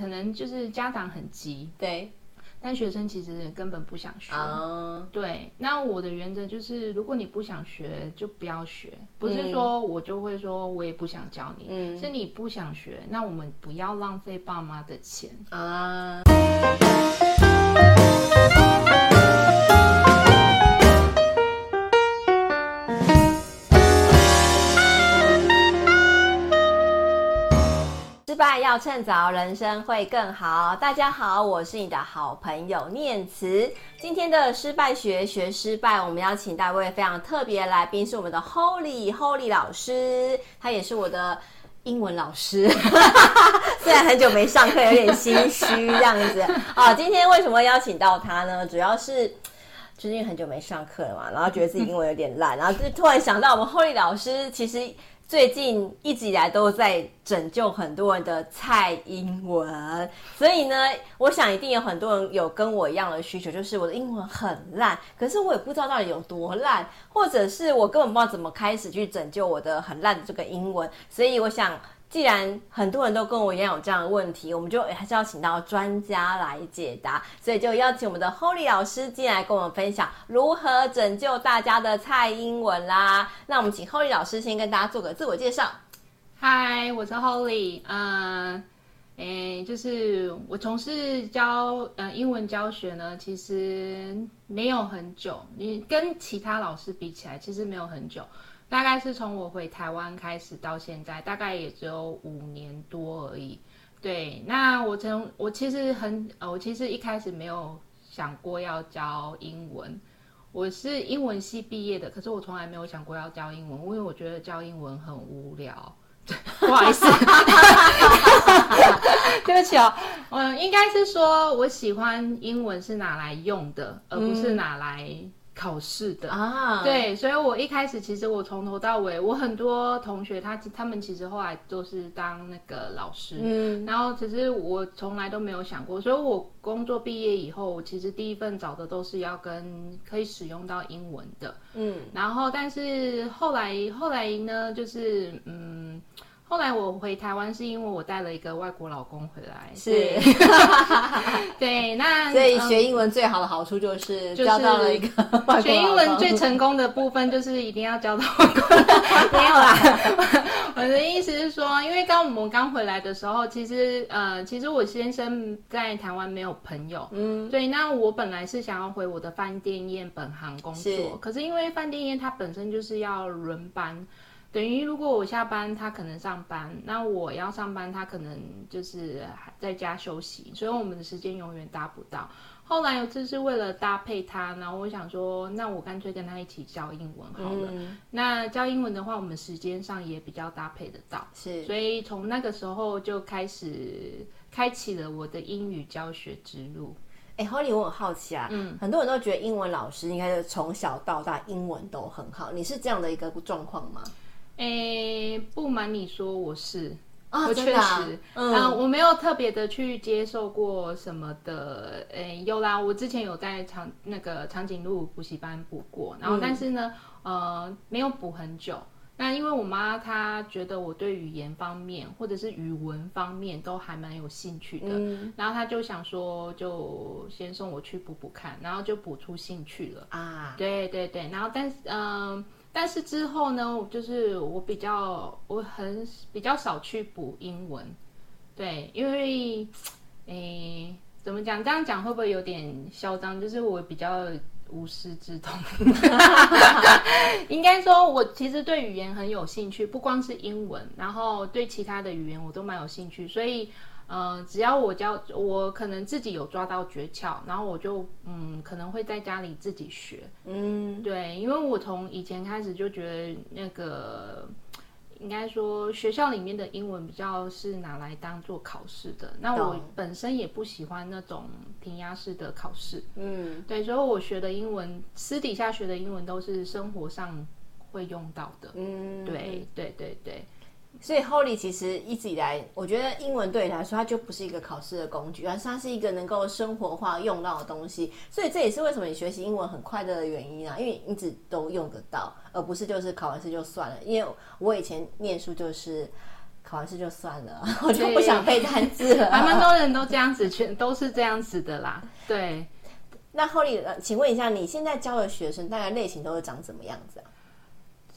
可能就是家長很急，對，但學生其實根本不想學。Uh. 對，那我的原則就是，如果你不想學，就不要學，不是說我就會說我也不想教你，uh. 是你不想學，那我們不要浪費爸媽的錢啊。Uh. 失敗要趁早，人生會更好。大家好，我是你的好朋友念慈。今天的失敗學學失敗，我們邀請到一位非常特別的來賓，是我們的 Holly Holly 老師，他也是我的英文老師。 雖然很久沒上課，有點心虛這樣子啊。今天為什麼邀請到他呢？主要是最近、就是、很久沒上課了嘛，然後覺得自己英文有點爛，然後就突然想到我們 Holly 老師其實。最近一直以來都在拯救很多人的菜英文，所以呢，我想一定有很多人有跟我一樣的需求，就是我的英文很爛，可是我也不知道到底有多爛，或者是我根本不知道怎麼開始去拯救我的很爛的這個英文，所以我想。既然很多人都跟我一樣有這樣的問題，我們就還是要請到專家來解答，所以就邀請我們的 Holly 老師進來跟我們分享如何拯救大家的菜英文啦。那我們請 Holly 老師先跟大家做個自我介紹。嗨，我是 Holly、呃。嗯、欸，就是我從事教呃英文教學呢，其實沒有很久，你跟其他老師比起來，其實沒有很久。大概是從我回台灣開始到現在，大概也只有五年多而已。對，那我從我其實很呃，我其實一開始沒有想過要教英文。我是英文系畢業的，可是我從來沒有想過要教英文，因為我覺得教英文很無聊。對 不好意思， 對不起哦。嗯，應該是說我喜歡英文是拿來用的，而不是拿來、嗯。考試的啊，對，所以，我一開始其實我從頭到尾，我很多同學他他們其實後來都是當那個老師，嗯，然後其實我從來都沒有想過，所以我工作畢業以後，我其實第一份找的都是要跟可以使用到英文的，嗯，然後但是後來後來呢，就是嗯。後來我回台灣是因為我帶了一個外國老公回來，是，對， 對，那所以學英文最好的好處就是交到了一個，學英文最成功的部分就是一定要交到外國的。 沒有啦， 我的意思是說，因為剛我們剛回來的時候，其實呃，其實我先生在台灣沒有朋友，嗯，所以那我本來是想要回我的飯店業本行工作，是，可是因為飯店業它本身就是要輪班。等於如果我下班，他可能上班；那我要上班，他可能就是在家休息。所以我們的時間永遠搭不到。嗯、後來有次是為了搭配他，然後我想說，那我乾脆跟他一起教英文好了。嗯、那教英文的話，我們時間上也比較搭配得到。是，所以從那個時候就開始開啟了我的英語教學之路。哎、欸，Holly，我很好奇啊，嗯，很多人都覺得英文老師應該是從小到大英文都很好，你是這樣的一個狀況嗎？誒、欸，不瞞你說，我是，oh, 我確實、啊，嗯，我沒有特別的去接受過什麼的，誒、欸，有啦，我之前有在長那個長頸鹿補習班補過，然後但是呢，嗯、呃，沒有補很久，那因為我媽她覺得我對語言方面或者是語文方面都還蠻有興趣的，嗯，然後她就想說，就先送我去補補看，然後就補出興趣了，啊，對對對，然後但是，嗯、呃。但是之後呢，就是我比較，我很比較少去補英文，對，因為，哎、欸，怎麼講？這樣講會不會有點囂張？就是我比較無師自通，應該說，我其實對語言很有興趣，不光是英文，然後對其他的語言我都蠻有興趣，所以。嗯、呃，只要我教我可能自己有抓到訣竅，然後我就嗯可能會在家裡自己學，嗯，對，因為我從以前開始就覺得那個應該說學校裡面的英文比較是拿來當做考試的，那我本身也不喜歡那種填鴨式的考試，嗯，對，所以我學的英文私底下學的英文都是生活上會用到的，嗯，對，對，對，對，對。所以，Holly，其實一直以來，我覺得英文對你來說，它就不是一個考試的工具，而是它是一個能夠生活化用到的東西。所以，這也是為什麼你學習英文很快樂的原因啊！因為你一直都用得到，而不是就是考完試就算了。因為我以前念書就是考完試就算了，對 我就不想背單字了。還蠻多人都這樣子，全都是這樣子的啦。對。那 Holly，呃，請問一下，你現在教的學生大概類型都是長什麼樣子啊？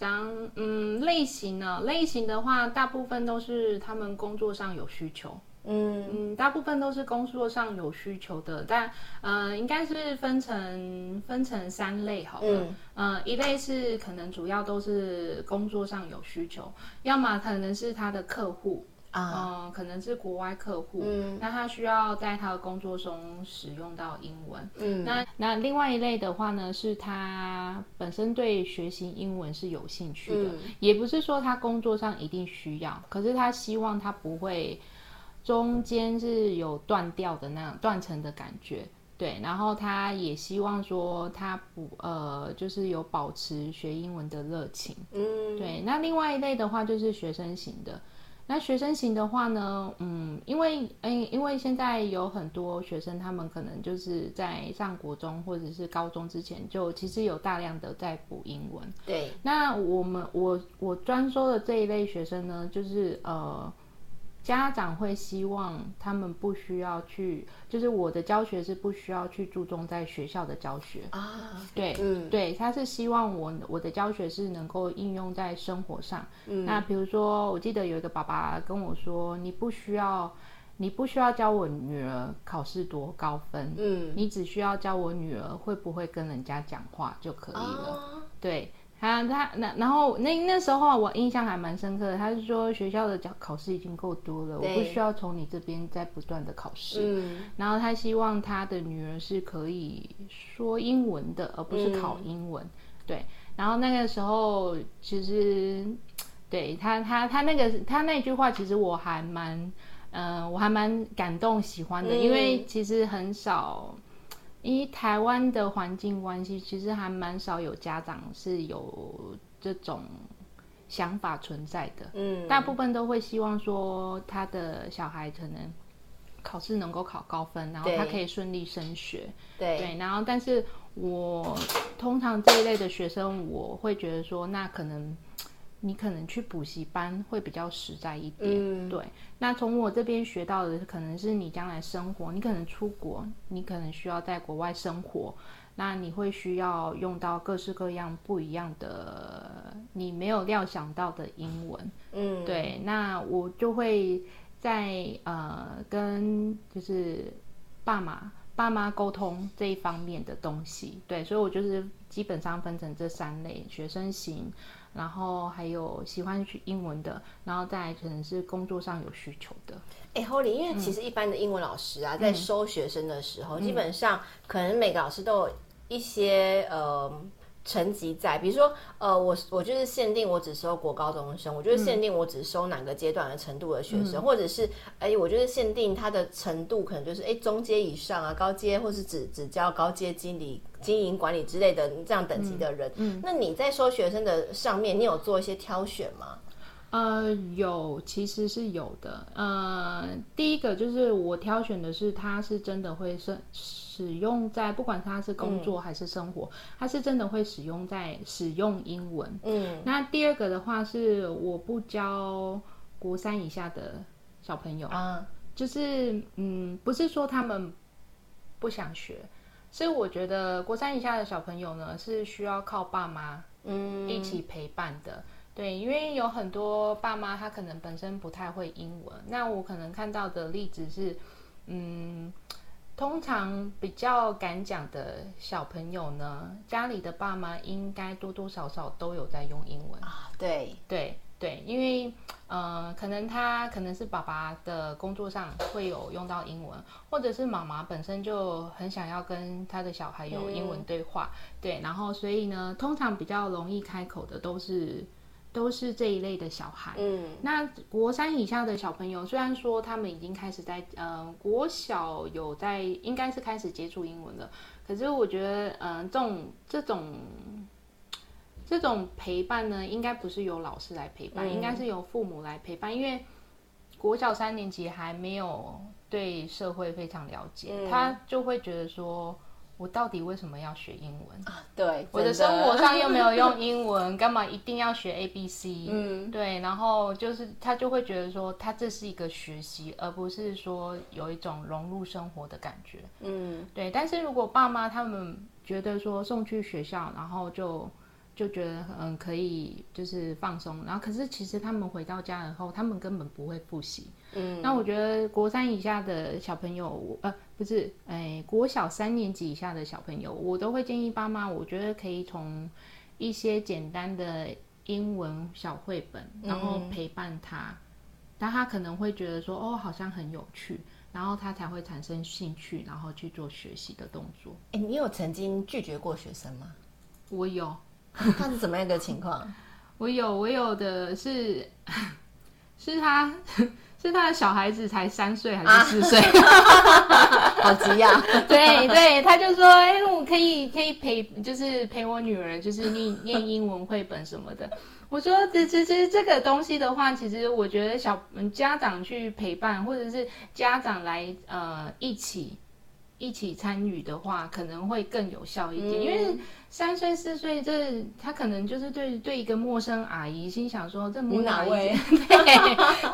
當嗯類型呢？類型的話，大部分都是他們工作上有需求，嗯嗯，大部分都是工作上有需求的。但呃，應該是分成分成三類好了，嗯、呃，一類是可能主要都是工作上有需求，要麼可能是他的客戶。Uh, 嗯，可能是國外客戶，嗯，那他需要在他的工作中使用到英文。嗯，那那另外一類的話呢，是他本身對學習英文是有興趣的，嗯、也不是說他工作上一定需要，可是他希望他不會中間是有斷掉的那樣斷層的感覺。對，然後他也希望說他不呃，就是有保持學英文的熱情。嗯，對。那另外一類的話就是學生型的。那學生型的話呢，嗯，因為，哎、欸，因為現在有很多學生，他們可能就是在上國中或者是高中之前，就其實有大量的在補英文。對，那我們我我專收的這一類學生呢，就是呃。家長會希望他們不需要去，就是我的教學是不需要去注重在學校的教學啊，對，嗯，對，他是希望我我的教學是能夠應用在生活上，嗯，那比如說，我記得有一個爸爸跟我說，你不需要，你不需要教我女兒考試多高分，嗯，你只需要教我女兒會不會跟人家講話就可以了，啊，對。啊，他那然後那那時候我印象還蠻深刻的，他是說學校的教考試已經夠多了，對我不需要從你這邊再不斷的考試。嗯，然後他希望他的女兒是可以說英文的，而不是考英文。嗯、對，然後那個時候其實對他他他那個他那句話，其實我還蠻嗯、呃，我還蠻感動喜歡的，嗯、因為其實很少。因為台灣的環境關係，其實還蠻少有家長是有這種想法存在的。嗯，大部分都會希望說他的小孩可能考試能夠考高分，然後他可以順利升學。對對，然後但是我通常這一類的學生，我會覺得說，那可能。你可能去補習班會比較實在一點，嗯、對。那從我這邊學到的可能是你將來生活，你可能出國，你可能需要在國外生活，那你會需要用到各式各樣不一樣的你沒有料想到的英文，嗯，對。那我就會在呃跟就是爸媽爸媽溝通這一方面的東西，對。所以我就是基本上分成這三類學生型。然後還有喜歡學英文的，然後再來可能是工作上有需求的。哎，Holly，因為其實一般的英文老師啊，嗯、在收學生的時候，嗯、基本上、嗯、可能每個老師都有一些呃成績在，比如說呃，我我就是限定我只收國高中生，嗯、我就是限定我只收哪個階段的程度的學生，嗯、或者是哎，我就是限定他的程度可能就是哎中階以上啊，高階，或是只只教高階經理。經營管理之類的這樣等級的人，嗯嗯、那你在收學生的上面，你有做一些挑選嗎？呃，有，其實是有的。呃，第一個就是我挑選的是，他是真的會生使用在，不管他是工作還是生活，嗯、他是真的會使用在使用英文。嗯，那第二個的話是，我不教國三以下的小朋友。嗯，就是嗯，不是說他們不想學。所以我覺得國三以下的小朋友呢，是需要靠爸媽、嗯、一起陪伴的。對，因為有很多爸媽他可能本身不太會英文，那我可能看到的例子是，嗯，通常比較敢講的小朋友呢，家裡的爸媽應該多多少少都有在用英文啊。對、對、對，因為。嗯、呃，可能他可能是爸爸的工作上會有用到英文，或者是媽媽本身就很想要跟他的小孩有英文對話，嗯、對，然後所以呢，通常比較容易開口的都是都是這一類的小孩，嗯，那國三以下的小朋友雖然說他們已經開始在，嗯、呃，國小有在應該是開始接觸英文了，可是我覺得，嗯、呃，這種這種。這種陪伴呢，應該不是由老師來陪伴，嗯、應該是由父母來陪伴。因為國小三年級還沒有對社會非常了解，嗯、他就會覺得說：“我到底為什麼要學英文？啊、對，真的我的生活上又沒有用英文，幹 嘛一定要學 A B C？嗯，對。然後就是他就會覺得說，他這是一個學習，而不是說有一種融入生活的感覺。嗯，對。但是如果爸媽他們覺得說送去學校，然後就就覺得嗯可以就是放鬆，然後可是其實他們回到家以後，他們根本不會複習。嗯，那我覺得國三以下的小朋友，呃，不是，哎、欸，國小三年級以下的小朋友，我都會建議爸媽，我覺得可以從一些簡單的英文小繪本，然後陪伴他，嗯、但他可能會覺得說哦，好像很有趣，然後他才會產生興趣，然後去做學習的動作。哎、欸，你有曾經拒絕過學生嗎？我有。他是怎麼樣一個情況？ 我有我有的是，是他是他的小孩子才三歲還是四歲？啊、 好急呀要！ 對對，他就說：“哎、欸，我可以可以陪，就是陪我女兒，就是念念英文繪本什麼的。” 我說：“這這這這個東西的話，其實我覺得小，家長去陪伴，或者是家長來呃一起。”一起參與的話，可能會更有效一點。嗯、因為三歲四歲這他可能就是對對一個陌生阿姨心想說：“這你哪位？”對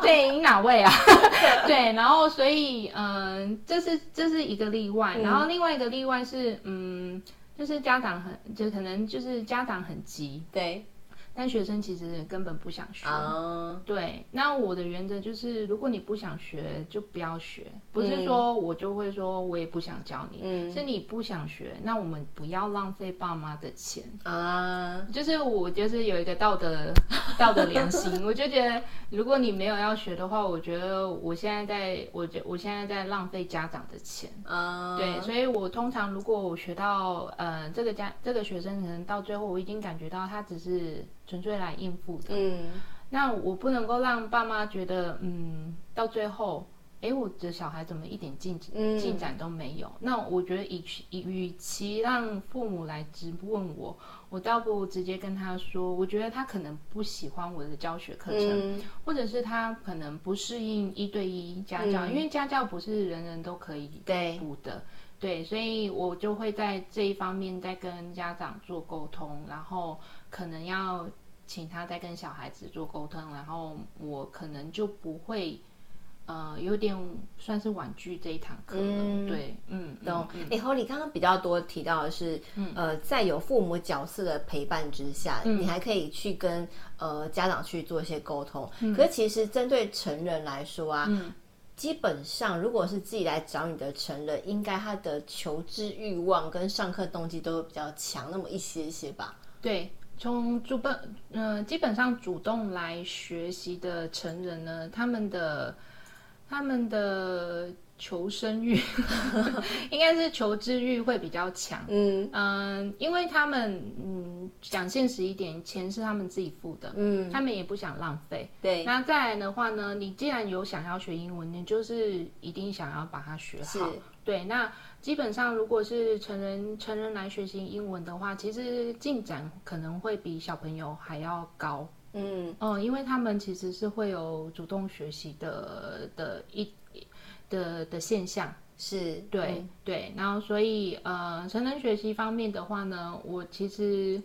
對， 對你哪位啊？ 對，然後所以嗯、呃，這是這是一個例外。嗯、然後另外一個例外是嗯，就是家長很就可能就是家長很急，對。但學生其實根本不想學，oh. 對。那我的原則就是，如果你不想學，就不要學。不是說我就會說，我也不想教你，oh. 是你不想學，那我們不要浪費爸媽的錢啊。Oh. 就是我就是有一個道德道德良心， 我就覺得，如果你沒有要學的話，我覺得我現在在我覺得我現在在浪費家長的錢啊。Oh. 對，所以我通常如果我學到呃這個家這個學生可能到最後，我已經感覺到他只是。純粹來應付的，嗯，那我不能夠讓爸媽覺得，嗯，到最後，哎，我的小孩怎麼一點進、嗯、進展都沒有？那我覺得以其與其讓父母來質問我，我倒不如直接跟他說，我覺得他可能不喜歡我的教學課程，嗯、或者是他可能不適應一對一家教，嗯、因為家教不是人人都可以補的。對對，所以我就會在這一方面再跟家長做溝通，然後可能要請他再跟小孩子做溝通，然後我可能就不會，呃，有點算是婉拒這一堂課了、嗯、對，嗯，懂。哎，Holly，剛剛比較多提到的是，嗯、呃，在有父母角色的陪伴之下，嗯、你還可以去跟呃家長去做一些溝通。嗯、可是，其實針對成人來說啊。嗯基本上，如果是自己來找你的成人，應該他的求知欲望跟上課動機都比較強，那麼一些一些吧。對，從主本，嗯、呃，基本上主動來學習的成人呢，他們的，他們的。求生欲 應該是求知欲會比較強，嗯嗯、呃，因為他們嗯講現實一點，錢是他們自己付的，嗯，他們也不想浪費，對。那再來的話呢，你既然有想要學英文，你就是一定想要把它學好，是對。那基本上如果是成人成人來學習英文的話，其實進展可能會比小朋友還要高，嗯嗯、呃，因為他們其實是會有主動學習的的一。的的現象是對、嗯、對，然後所以呃，成人學習方面的話呢，我其實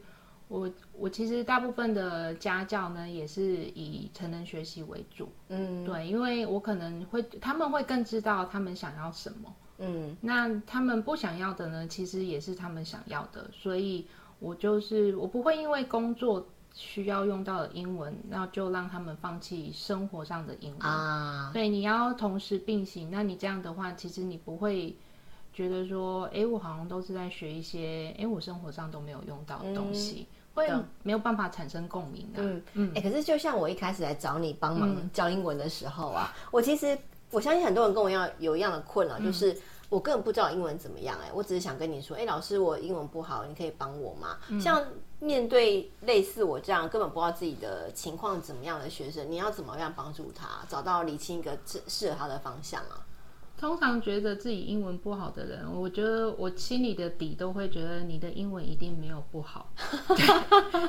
我我其實大部分的家教呢，也是以成人學習為主，嗯，對，因為我可能會他們會更知道他們想要什麼，嗯，那他們不想要的呢，其實也是他們想要的，所以我就是我不會因為工作，需要用到的英文，那就讓他們放棄生活上的英文啊。對，你要同時並行。那你這樣的話，其實你不會覺得說，哎、欸，我好像都是在學一些，哎、欸，我生活上都沒有用到的東西，嗯、會沒有辦法產生共鳴的、啊。嗯對嗯。哎、欸，可是就像我一開始來找你幫忙教英文的時候啊，嗯、我其實我相信很多人跟我一樣有一樣的困擾，就是、嗯、我根本不知道英文怎麼樣、欸。哎，我只是想跟你說，哎、欸，老師，我英文不好，你可以幫我嗎？嗯、像。面對類似我這樣根本不知道自己的情況怎麼樣的學生，你要怎麼樣幫助他找到理清一個適合他的方向啊？通常覺得自己英文不好的人，我覺得我心裡的底都會覺得你的英文一定沒有不好，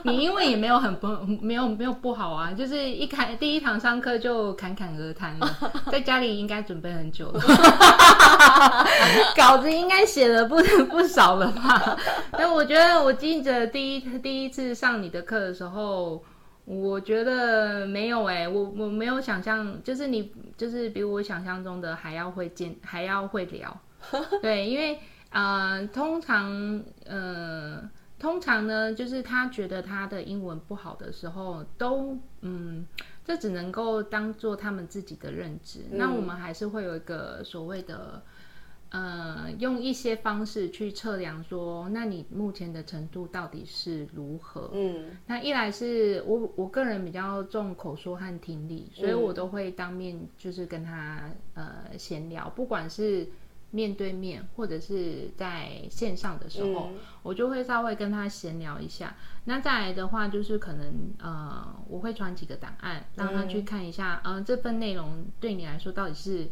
你英文也沒有很不沒有沒有不好啊，就是一開第一堂上課就侃侃而談了，在家裡應該準備很久了， 嗯，稿子應該寫了不不少了吧？但我覺得我記得第一第一次上你的課的時候。我覺得沒有哎、欸，我我沒有想象就是你就是比我想象中的還要會講，還要會聊。 對，因為呃，通常呃，通常呢，就是他覺得他的英文不好的時候，都嗯，這只能夠當做他們自己的認知，嗯、那我們還是會有一個所謂的。呃，用一些方式去測量說，說，那你目前的程度到底是如何？嗯，那一來是我我個人比較重口說和聽力，所以我都會當面就是跟他呃閒聊，不管是面對面或者是在線上的時候，嗯，我就會稍微跟他閒聊一下。那再來的話，就是可能呃，我會傳幾個檔案讓他去看一下，嗯，呃，這份內容對你來說到底是。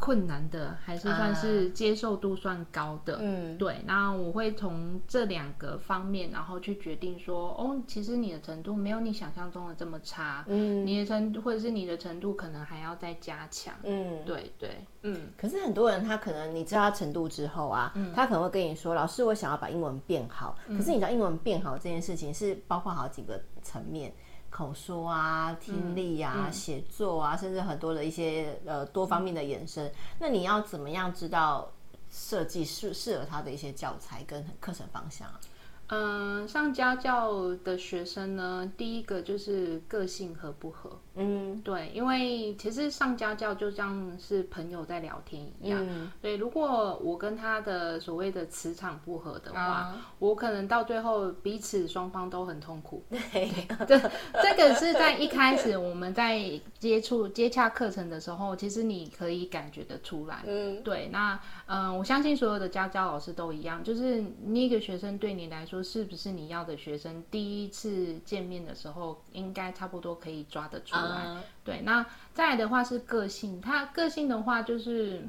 困難的還是算是接受度算高的，嗯，對。那我會從這兩個方面，然後去決定說，哦，其實你的程度沒有你想象中的這麼差，嗯，你的程度或者是你的程度可能還要再加強，嗯，對對，嗯。可是很多人他可能你知道程度之後啊，嗯，他可能會跟你說，老師我想要把英文變好，可是你知道英文變好這件事情是包括好幾個層面。口說啊，聽力啊，寫、嗯嗯、作啊，甚至很多的一些呃多方面的延伸。嗯、那你要怎麼樣知道設計適適合他的一些教材跟課程方向啊？嗯，上家教的學生呢，第一個就是個性合不合。嗯，對，因為其實上家教就像是朋友在聊天一樣，嗯、對，如果我跟他的所謂的磁場不合的話，嗯、我可能到最後彼此雙方都很痛苦。嗯、對， 這個是在一開始我們在接觸 接洽課程的時候，其實你可以感覺得出來。嗯，對，那嗯，我相信所有的家教老師都一樣，就是那個學生對你來說是不是你要的學生，第一次見面的時候應該差不多可以抓得出來。嗯嗯、對，那再來的話是個性，他個性的話就是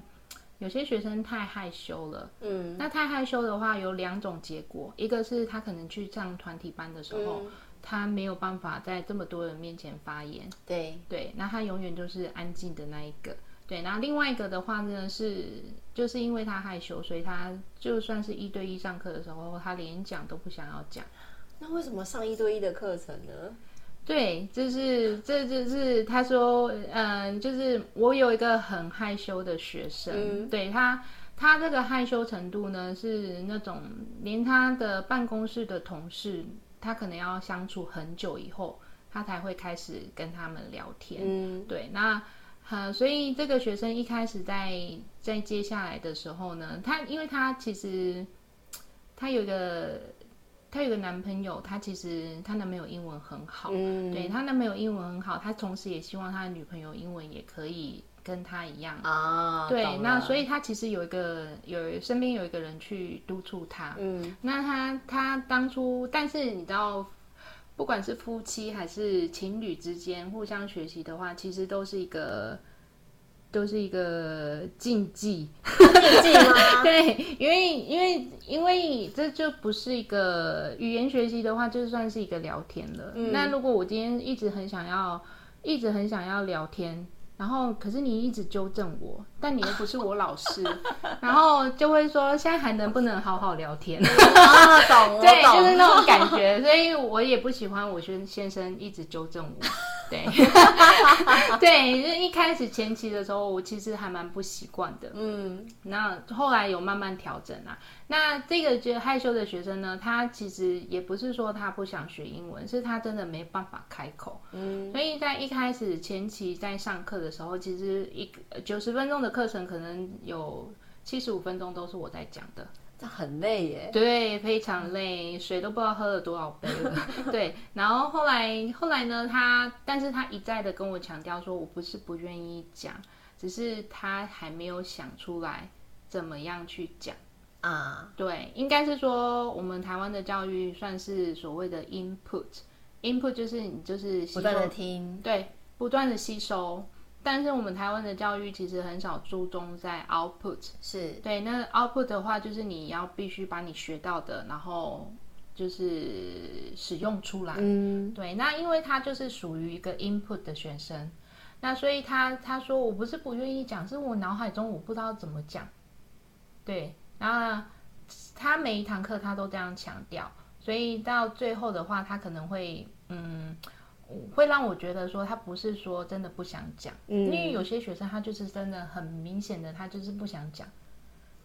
有些學生太害羞了，嗯，那太害羞的話有兩種結果，一個是他可能去上團體班的時候，嗯、他沒有辦法在這麼多人面前發言，對對，那他永遠就是安靜的那一個，對，那另外一個的話呢是就是因為他害羞，所以他就算是一對一上課的時候，他連講都不想要講，那為什麼上一對一的課程呢？對，就是這就是他說，嗯、呃，就是我有一個很害羞的學生，嗯、對，他，他這個害羞程度呢，是那種連他的辦公室的同事，他可能要相處很久以後，他才會開始跟他們聊天。嗯，對，那，呃，所以這個學生一開始在在接下來的時候呢，他因為他其實他有一個。她有個男朋友，他其實她男朋友英文很好，嗯，對，他男朋友英文很好，他同時也希望他的女朋友英文也可以跟他一樣啊，對，了那所以他其實有一個有身邊有一個人去督促他。嗯，那他他當初，但是你知道，不管是夫妻還是情侶之間互相學習的話，其實都是一個。都是一個禁忌，禁忌 嗎？對，因為因為因為這就不是一個語言學習的話，就算是一個聊天了。嗯、那如果我今天一直很想要，一直很想要聊天，然後可是你一直糾正我，但你又不是我老師， 然後就會說現在還能不能好好聊天？ 啊，懂對，懂就是那種感覺， 所以我也不喜歡我先先生一直糾正我。 對，對，就一開始前期的時候，我其實還蠻不習慣的。嗯，那後，後來有慢慢調整啦、啊。那這個就害羞的學生呢，他其實也不是說他不想學英文，是他真的沒辦法開口。嗯，所以在一開始前期在上課的時候，其實一，九十分鐘的課程可能有七十五分鐘都是我在講的。很累耶，對，非常累，嗯、水都不知道喝了多少杯了。 對，然後後來後來呢，他，但是他一再的跟我強調說，我不是不願意講，只是他還沒有想出來怎麼樣去講啊。嗯、對，應該是說我們台灣的教育算是所謂的 input，input input 就是你就是吸收，不斷的聽，對，不斷的吸收。但是我們台灣的教育其實很少注重在 output，是對。那 output 的話，就是你要必須把你學到的，然後就是使用出來。嗯，對。那因為他就是屬於一個 input 的學生，那所以他他說，我不是不願意講，是我腦海中我不知道怎麼講。對。然後呢，他每一堂課他都這樣強調，所以到最後的話，他可能會嗯。會讓我覺得說他不是說真的不想講，嗯、因為有些學生他就是真的很明顯的他就是不想講，嗯、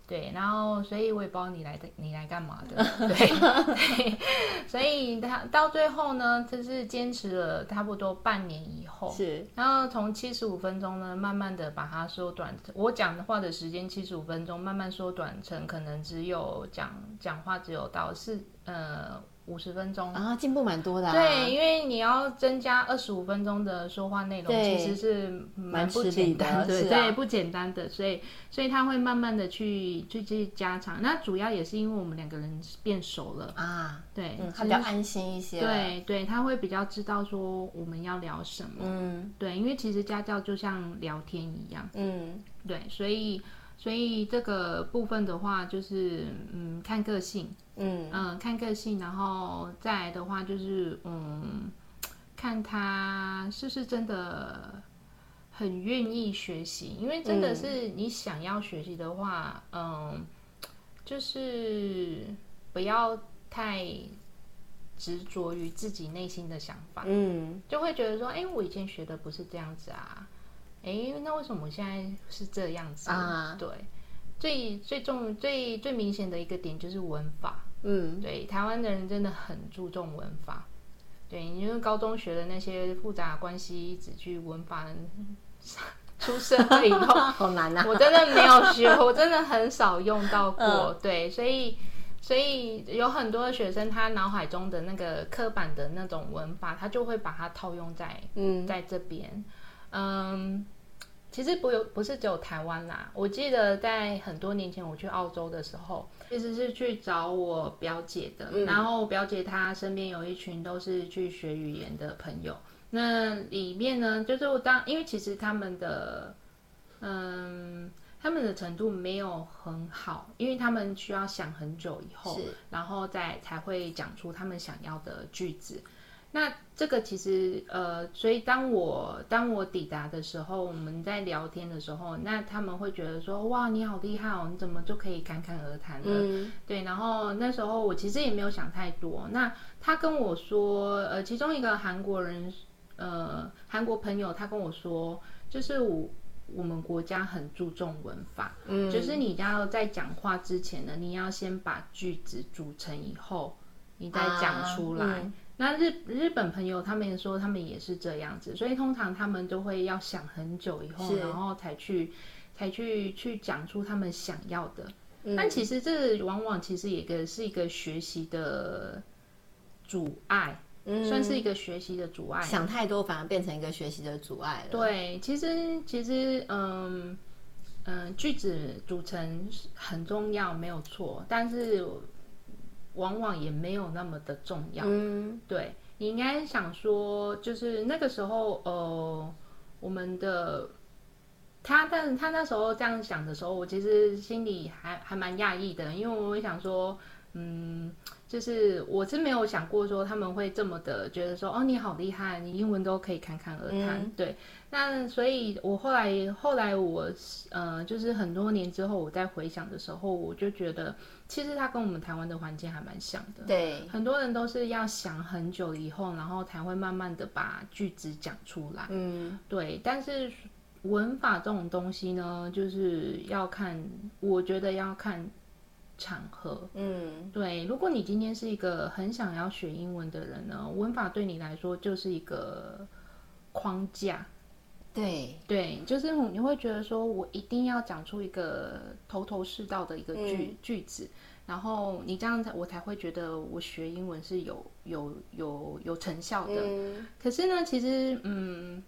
對，然後所以我也不知道你來的你來幹嘛的， 對，對，所以他到最後呢，就是堅持了差不多半年以後，是，然後從七十五分鐘呢，慢慢的把它縮短，我講的話的時間七十五分鐘，慢慢縮短成可能只有講講話只有到四呃。五十分鐘啊，進步蠻多的，啊。對，因為你要增加二十五分鐘的說話內容對，其實是蠻不簡單的。對，不簡單的，所以所以他會慢慢的去去去加長。那主要也是因為我們兩個人變熟了啊，對，嗯、實他比較安心一些，啊。對對，他會比較知道說我們要聊什麼。嗯，對，因為其實家教就像聊天一樣。嗯，對，所以。所以這個部分的話，就是嗯，看個性，嗯嗯，看個性，然後再來的話，就是嗯，看他是不是真的很願意學習，因為真的是你想要學習的話，嗯，嗯，就是不要太執着於自己內心的想法，嗯，就會覺得說，哎、欸，我以前學的不是這樣子啊。哎，那為什麼我現在是這樣子啊？Uh huh. 對，最最重、最最明顯的一個點就是文法。嗯，對，台灣的人真的很注重文法。對，因為高中學的那些複雜關係、子句文法的， 出生以後 好難啊！我真的沒有學，我真的很少用到過。 嗯、對，所以所以有很多的學生，他腦海中的那個刻板的那種文法，他就會把它套用在嗯，在這邊嗯。嗯其實不有不是只有台灣啦，我記得在很多年前我去澳洲的時候，其實是去找我表姐的，嗯、然後表姐她身邊有一群都是去學語言的朋友，那裡面呢，就是我當因為其實他們的，嗯，他們的程度沒有很好，因為他們需要想很久以後，是然後再才會講出他們想要的句子。那這個其實呃，所以當我當我抵達的時候，我們在聊天的時候，那他們會覺得說：“哇，你好厲害哦，你怎麼就可以侃侃而談了？嗯”對。然後那時候我其實也沒有想太多。那他跟我說，呃，其中一個韓國人，呃，韓國朋友，他跟我說，就是我我們國家很注重文法，嗯，就是你要在講話之前呢，你要先把句子組成以後，你再講出來。啊，嗯。那日日本朋友他們說，他們也是這樣子，所以通常他們都會要想很久以後，是然後才去，才去去講出他們想要的。嗯、但其實這往往其實也是一個學習的阻礙，嗯、算是一個學習的阻礙。想太多反而變成一個學習的阻礙了。對，其實其實嗯嗯，句子組成很重要，沒有錯，但是。往往也沒有那麼的重要，嗯，對你應該想說，就是那個時候，呃，我們的他但，但是他那時候這樣想的時候，我其實心裡還還蠻訝異的，因為我想說，嗯。就是我是沒有想過說他們會這麼的覺得說哦，你好厲害，你英文都可以侃侃而談。嗯、對，那所以我後來後來我呃，就是很多年之後我再回想的時候，我就覺得其實他跟我們台灣的環境還蠻像的。對，很多人都是要想很久以後，然後才會慢慢的把句子講出來。嗯，對，但是文法這種東西呢，就是要看，我覺得要看。場合，嗯，對。如果你今天是一個很想要學英文的人呢，文法對你來說就是一個框架，對，對，就是你會覺得說，我一定要講出一個頭頭是道的一個句、嗯、句子，然後你這樣子，我才會覺得我學英文是有有有有成效的。嗯、可是呢，其實，嗯，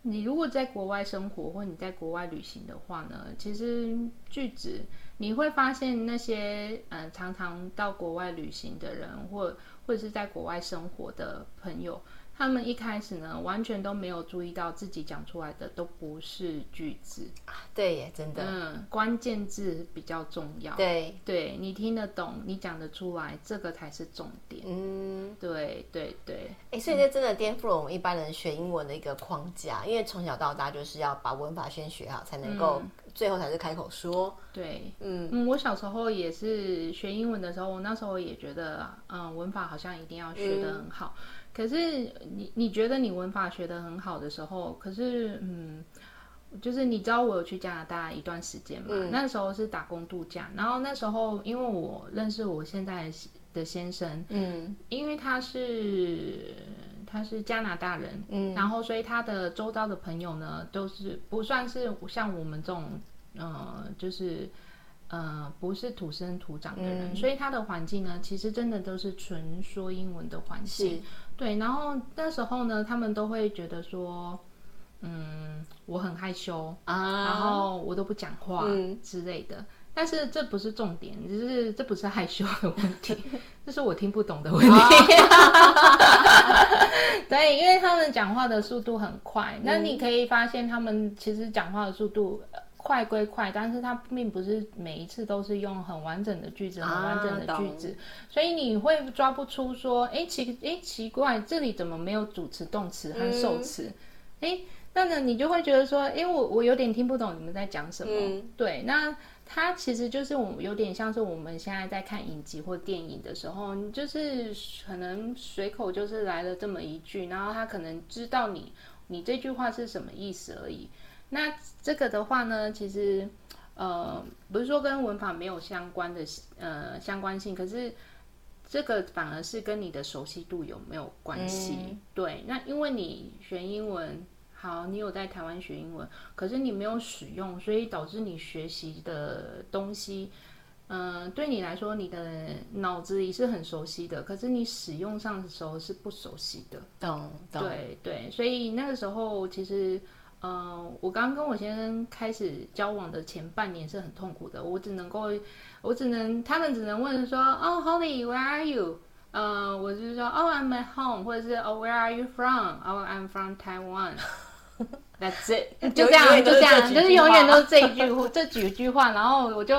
你如果在國外生活，或你在國外旅行的話呢，其實句子。你會發現那些嗯、呃、常常到國外旅行的人，或或者是在國外生活的朋友，他們一開始呢完全都沒有注意到自己講出來的都不是句子。啊、對耶真的。嗯，關鍵字比較重要。對，對你聽得懂，你講得出來，這個才是重點。嗯，對對對、欸。所以這真的、嗯、顛覆了我們一般人學英文的一個框架，因為從小到大就是要把文法先學好，才能夠、嗯。最後才是開口說。對，嗯嗯，我小時候也是學英文的時候，我那時候也覺得，嗯，文法好像一定要學得很好。嗯、可是你你覺得你文法學得很好的時候，可是嗯，就是你知道我有去加拿大一段時間嘛？嗯、那時候是打工度假。然後那時候因為我認識我現在的先生，嗯，因為他是。他是加拿大人，嗯，然後所以他的周遭的朋友呢，都是不算是像我們這種，呃，就是，呃，不是土生土長的人，嗯，所以他的環境呢，其實真的都是純說英文的環境，是對。然後那時候呢，他們都會覺得說，嗯，我很害羞啊，然後我都不講話之類的。嗯但是這不是重點，只、就是這不是害羞的問題， 這是我聽不懂的問題。Oh, yeah. 對，因為他們講話的速度很快，嗯、那你可以發現他們其實講話的速度快歸快，但是它並不是每一次都是用很完整的句子、很完整的句子，啊、所以你會抓不出說，哎、欸、奇、欸、奇怪，這裡怎麼沒有主詞、動詞和受詞？哎、嗯欸，那你就會覺得說，哎、欸、我我有點聽不懂你們在講什麼？嗯、對，那。它其實就是我有點像是我們現在在看影集、或電影的時候，你就是可能隨口就是來了這麼一句，然後他可能知道你你這句話是什麼意思而已。那這個的話呢，其實呃不是說跟文法沒有相關的呃相關性，可是這個反而是跟你的熟悉度有沒有關係？嗯、對，那因為你學英文。好，你有在台灣學英文，可是你沒有使用，所以導致你學習的東西，嗯、呃，對你來說，你的腦子裡是很熟悉的，可是你使用上的時候是不熟悉的。懂、嗯，嗯、對對，所以那個時候其實，嗯、呃、我剛跟我先生開始交往的前半年是很痛苦的，我只能夠，我只能，他們只能問說，哦，Holly，Where are you？呃，我就是說，Oh，I'm at home，或者是 Oh，Where are you from？Oh，I'm from Taiwan。那這就這樣，就這樣， 就是永遠都是這一句， 這幾句話，然後我就。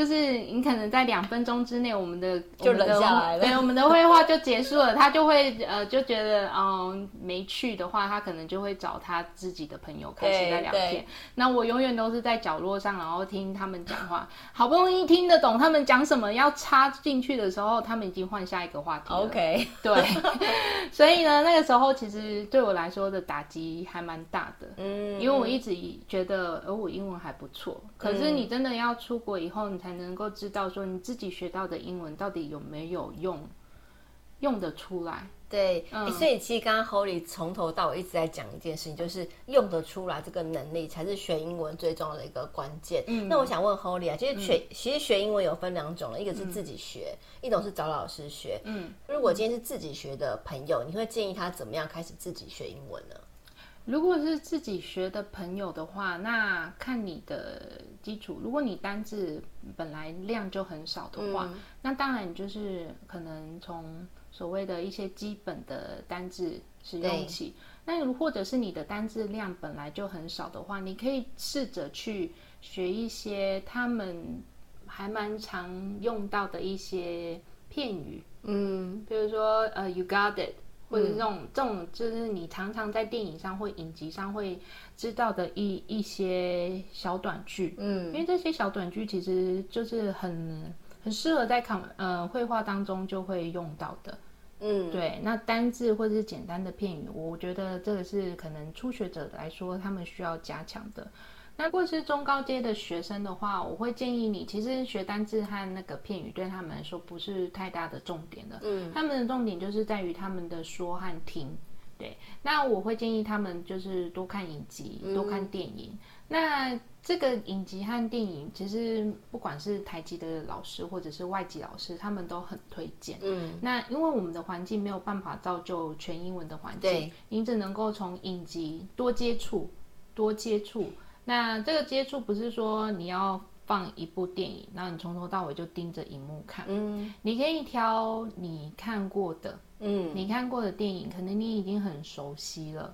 就是你可能在兩分鐘之內，我們的就冷下來了，對，我們的會話就結束了。他就會呃就覺得哦、呃、沒去的話，他可能就會找他自己的朋友開始在聊天。那我永遠都是在角落上，然後聽他們講話， 好不容易聽得懂他們講什麼，要插進去的時候，他們已經換下一個話題。OK， 對， 所以呢，那個時候其實對我來說的打擊還蠻大的，嗯，因為我一直覺得，呃、哦，我英文還不錯，可是你真的要出國以後，嗯、你才。才能夠知道說你自己學到的英文到底有沒有用，用得出來？對、嗯欸，所以其實剛剛 Holly 從頭到尾一直在講一件事情，就是用得出來這個能力才是學英文最重要的一個關鍵。嗯，那我想問 Holly 啊，其實學、嗯、其實學英文有分兩種了，一個是自己學，嗯、一種是找老師學。嗯，如果今天是自己學的朋友，你會建議他怎麼樣開始自己學英文呢？如果是自己學的朋友的話，那看你的基礎，如果你單字。本來量就很少的話，嗯，那當然就是可能從所謂的一些基本的單字使用起。對那或者是你的單字量本來就很少的話，你可以試着去學一些他們還蠻常用到的一些片語，嗯，譬如說呃，uh，you got it。或者這種、嗯、這種就是你常常在電影上或影集上會知道的一一些小短句，嗯，因為這些小短句其實就是很很適合在考呃繪畫當中就會用到的，嗯，對，那單字或者是簡單的片語，我覺得這個是可能初學者來說他們需要加強的。如果是中高階的學生的話，我會建議你，其實學單字和那個片語對他們來說不是太大的重點的。嗯，他們的重點就是在於他們的說和聽。對，那我會建議他們就是多看影集，多看電影。嗯、那這個影集和電影，其實不管是台籍的老師或者是外籍老師，他們都很推薦。嗯，那因為我們的環境沒有辦法造就全英文的環境，你對只能夠從影集多接觸，多接觸。那這個接觸不是說你要放一部電影，然後你從頭到尾就盯着熒幕看。嗯，你可以挑你看過的，嗯，你看過的電影，可能你已經很熟悉了。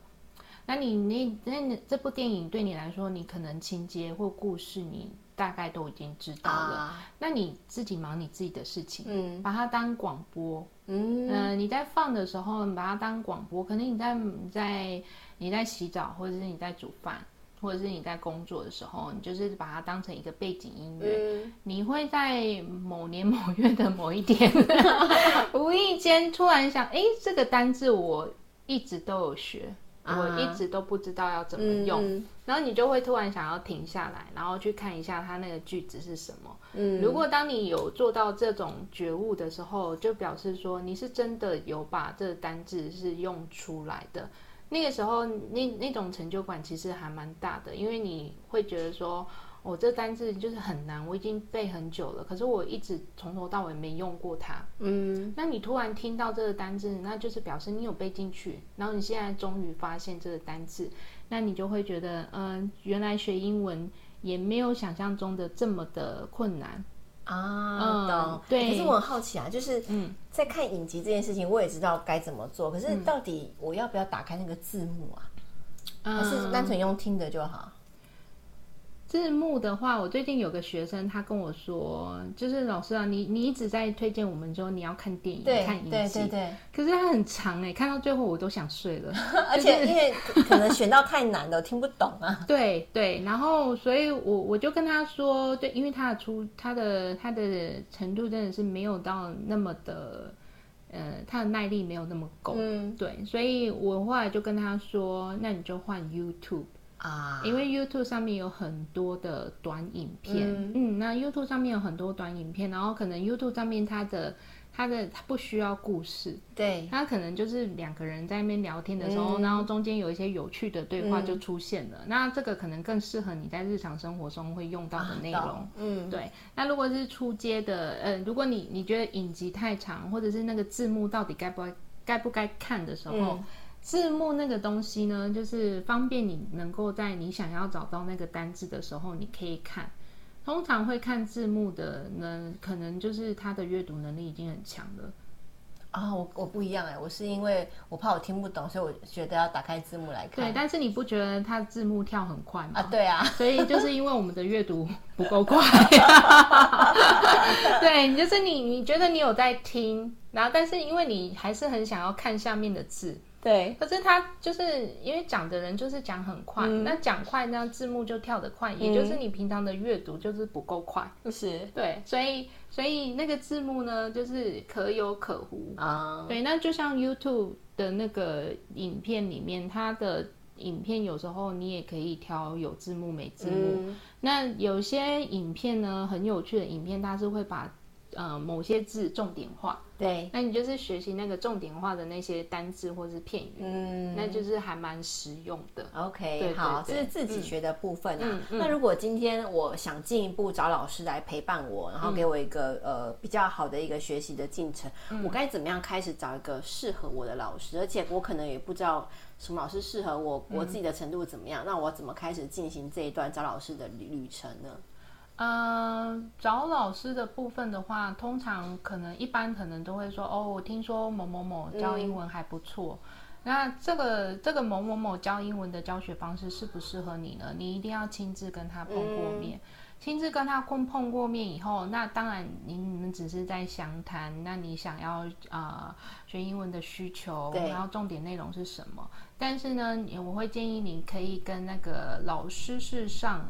那你那那這部電影對你來說，你可能情節或故事你大概都已經知道了。啊、那你自己忙你自己的事情，嗯，把它當廣播，嗯、呃，你在放的時候你把它當廣播，可能你在在你在洗澡或者是你在煮飯。或者是你在工作的時候，你就是把它當成一個背景音樂。嗯、你會在某年某月的某一天， 無意間突然想，哎，這個單字我一直都有學，啊、我一直都不知道要怎麼用，嗯嗯、然後你就會突然想要停下來，然後去看一下它那個句子是什麼。嗯，如果當你有做到這種覺悟的時候，就表示說你是真的有把這個單字是用出來的。那個時候，那那種成就感其實還蠻大的，因為你會覺得說，我、哦、這單字就是很難，我已經背很久了，可是我一直從頭到尾沒用過它。嗯，那你突然聽到這個單字，那就是表示你有背進去，然後你現在終於發現這個單字，那你就會覺得，嗯、呃，原來學英文也沒有想象中的這麼的困難。啊，uh, 懂對，可是我很好奇啊，就是在看影集這件事情，我也知道該怎麼做，嗯、可是到底我要不要打開那個字幕啊？嗯、還是單純用聽的就好？字幕的話，我最近有個學生，他跟我說，就是老師啊，你你一直在推薦我們之後你要看電影、對看影集，對，對，對，可是它很長哎，看到最後我都想睡了。 而且、就是、因為可能選到太難了， 我聽不懂啊。對對，然後所以我，我我就跟他說，對，因為他的出他的他的程度真的是沒有到那麼的，呃，他的耐力沒有那麼夠，嗯、對，所以我後來就跟他說，那你就換 YouTube。啊，因為 YouTube 上面有很多的短影片，嗯，嗯，那 YouTube 上面有很多短影片，然後可能 YouTube 上面它的它的它不需要故事，對，它可能就是兩個人在那邊聊天的時候，嗯、然後中間有一些有趣的對話就出現了，嗯、那這個可能更適合你在日常生活中會用到的內容，啊、嗯，對。那如果是初階的，嗯、呃、如果你你覺得影集太長，或者是那個字幕到底該不該該不該看的時候。嗯字幕那個東西呢，就是方便你能夠在你想要找到那個單字的時候，你可以看。通常會看字幕的呢，可能就是他的閱讀能力已經很強了。啊，我我不一樣哎，我是因為我怕我聽不懂，所以我覺得要打開字幕來看。對，但是你不覺得他字幕跳很快嗎？啊，對啊， 所以就是因為我們的閱讀不夠快。 對，就是你你覺得你有在聽，然後但是因為你還是很想要看下面的字。對，可是他就是因為講的人就是講很快，嗯、那講快，那字幕就跳得快，嗯、也就是你平常的閱讀就是不夠快，就是對，所以所以那個字幕呢，就是可有可無啊。嗯、對，那就像 YouTube 的那個影片裡面，它的影片有時候你也可以挑有字幕、沒字幕。嗯、那有些影片呢，很有趣的影片，它是會把。呃，某些字重點化，對，那你就是學習那個重點化的那些單字或是片語，嗯，那就是還蠻實用的。OK，對對對，好，這是自己學的部分啊。嗯、那如果今天我想進一步找老師來陪伴我，嗯、然後給我一個、嗯、呃比較好的一個學習的進程，嗯、我該怎麼樣開始找一個適合我的老師？而且我可能也不知道什麼老師適合我，嗯、我自己的程度怎麼樣？那我怎麼開始進行這一段找老師的旅程呢？嗯，找老師的部分的話，通常可能一般可能都會說哦，我聽說某某某教英文還不錯。嗯、那這個這個某某某教英文的教學方式適不適合你呢？你一定要親自跟他碰過面，嗯、親自跟他碰碰過面以後，那當然你你們只是在詳談，那你想要啊、呃、學英文的需求，對然後重點內容是什麼？但是呢，我會建議你可以跟那個老師試上。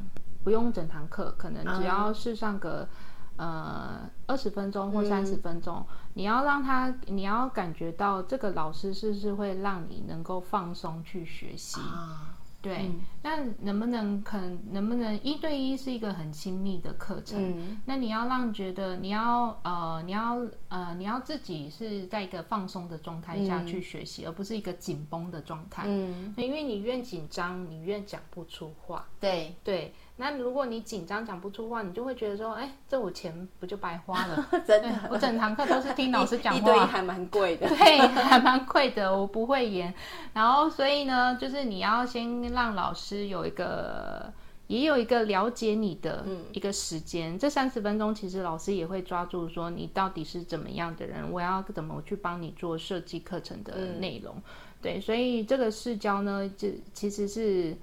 不用整堂課，可能只要是上個，嗯、呃，二十分鐘或三十分鐘。嗯、你要讓他，你要感覺到這個老師是不是會讓你能夠放鬆去學習？啊，對。那、嗯、能不能可能，能不能一對一是一個很親密的課程？嗯、那你要讓你覺得你要呃你要呃你要自己是在一個放鬆的狀態下去學習，嗯、而不是一個緊繃的狀態。嗯，因為你越緊張，你越講不出話。對對。對那如果你緊張講不出話，你就會覺得說：“哎、欸，這我錢不就白花了？” 真的，對，我整堂課都是聽老師講話。一對一還蠻貴的。 對，還蠻貴的。我不會演，然後所以呢，就是你要先讓老師有一個，也有一個了解你的一個時間。嗯、這三十分鐘其實老師也會抓住說，你到底是怎麼樣的人，我要怎麼去幫你做設計課程的內容。嗯、對，所以這個試教呢，就其實是。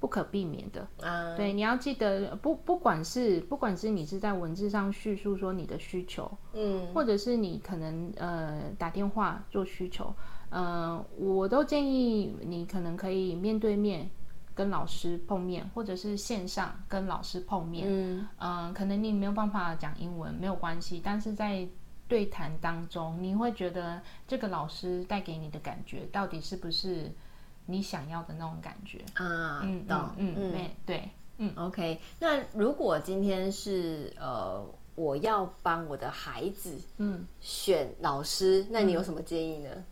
不可避免的，嗯、對，你要記得，不，不管是不管是你是在文字上敘述說你的需求，嗯，或者是你可能呃打電話做需求，呃，我都建議你可能可以面對面跟老師碰面，或者是線上跟老師碰面，嗯、呃，可能你沒有辦法講英文沒有關係，但是在對談當中，你會覺得這個老師帶給你的感覺到底是不是？你想要的那種感覺啊，嗯，懂，嗯嗯沒沒對，嗯 OK。那如果今天是呃，我要幫我的孩子嗯選老師，嗯、那你有什麼建議呢、嗯？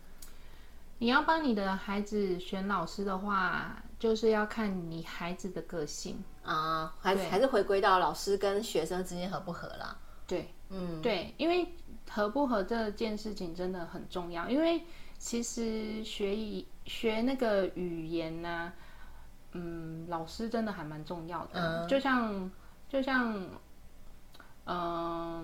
你要幫你的孩子選老師的話，就是要看你孩子的個性啊，還還是回歸到老師跟學生之間合不合啦。對，嗯對，因為合不合這件事情真的很重要，因為其實學以。學那個語言呢、啊，嗯，老師真的還蠻重要的，就像、uh. 就像，嗯、呃，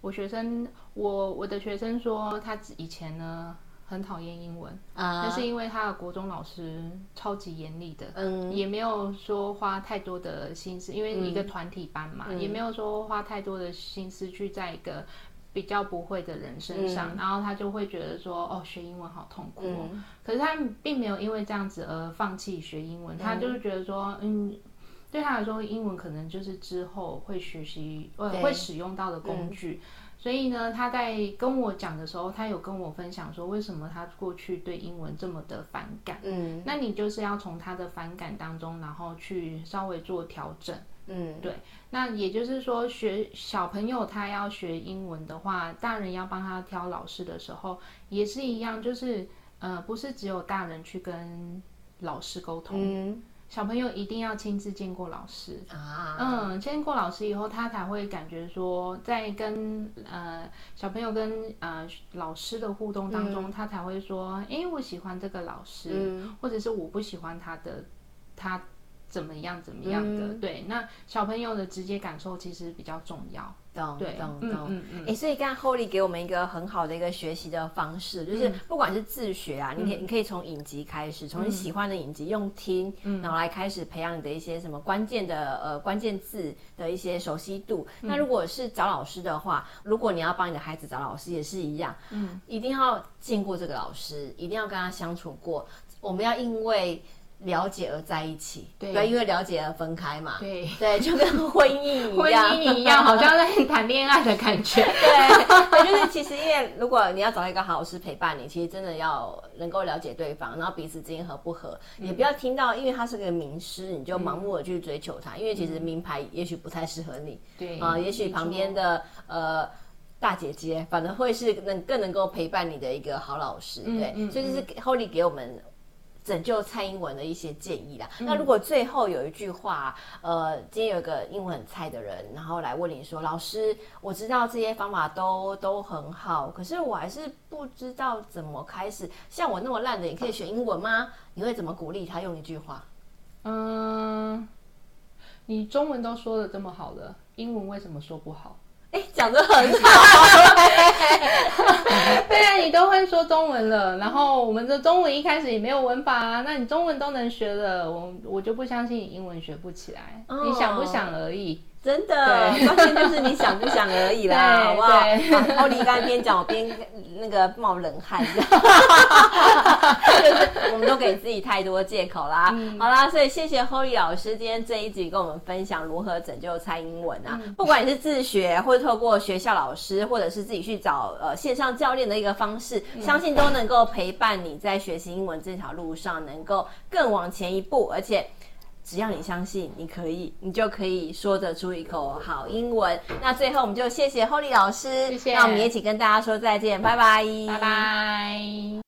我學生我我的學生說他以前呢很討厭英文，那、uh. 是因為他的國中老師超級嚴厲的，嗯，uh. 也沒有說花太多的心思，因為一個團體班嘛，uh. 也沒有說花太多的心思去在一個。比較不會的人身上，嗯、然後他就會覺得說，哦，學英文好痛苦，哦嗯、可是他並沒有因為這樣子而放棄學英文，嗯，他就是覺得說，嗯，對他來說，英文可能就是之後會學習呃對會使用到的工具。嗯、所以呢，他在跟我講的時候，他有跟我分享說，為什麼他過去對英文這麼的反感。嗯，那你就是要從他的反感當中，然後去稍微做調整。嗯，對，那也就是說，學小朋友他要學英文的話，大人要幫他挑老師的時候也是一樣，就是呃，不是只有大人去跟老師溝通，嗯、小朋友一定要親自見過老師啊，嗯，見過老師以後，他才會感覺說，在跟呃小朋友跟呃老師的互動當中，嗯、他才會說，哎、欸，我喜歡這個老師，嗯、或者是我不喜歡他的，他。怎麼樣？怎麼樣的？對，那小朋友的直接感受其實比較重要。等等等，嗯嗯，誒，所以剛剛 Holly 給我們一個很好的一個學習的方式，就是不管是自學啊，你你可以從影集開始，從你喜歡的影集用聽，然後來開始培養你的一些什麼關鍵的呃關鍵字的一些熟悉度。那如果是找老師的話，如果你要幫你的孩子找老師，也是一樣。嗯，一定要見過這個老師，一定要跟他相處過。我們要因為了解而在一起，對，因為了解而分開嘛。對對，就跟婚姻一樣，婚姻一樣，好像在談戀愛的感覺。對，就是其實，因為如果你要找一個好老師陪伴你，其實真的要能夠了解對方，然後彼此之間合不合，也不要聽到，因為他是個名師，你就盲目的去追求他，因為其實名牌也許不太適合你。對啊，也許旁邊的呃大姐姐，反而會是能更能夠陪伴你的一個好老師。對，所以這是 Holly 給我們拯救菜英文的一些建議啦。嗯、那如果最後有一句話，呃，今天有一個英文很菜的人，然後來問你說：“老師，我知道這些方法都都很好，可是我還是不知道怎麼開始。像我那麼爛的，也可以學英文嗎？”嗯、你會怎麼鼓勵他？用一句話。嗯，你中文都說的這麼好了，英文為什麼說不好？講得很好， 對啊，你都會說中文了。然後我們的中文一開始也沒有文法啊，那你中文都能學了，我我就不相信你英文學不起來，哦、你想不想而已。真的，對關鍵就是你想不想而已啦，對好不好？Holly 剛才邊講我邊那個冒冷汗是不是，哈 就是我們都給自己太多借口啦。嗯、好啦，所以謝謝 Holly 老師今天這一集跟我們分享如何拯救菜英文啊！嗯、不管你是自學，或是透過學校老師，或者是自己去找呃線上教練的一個方式，嗯、相信都能夠陪伴你在學習英文這條路上能夠更往前一步，而且。只要你相信你可以，你就可以說得出一口好英文。那最後，我們就謝謝 Holly 老師，謝謝。那我們一起跟大家說再見，拜拜，拜拜。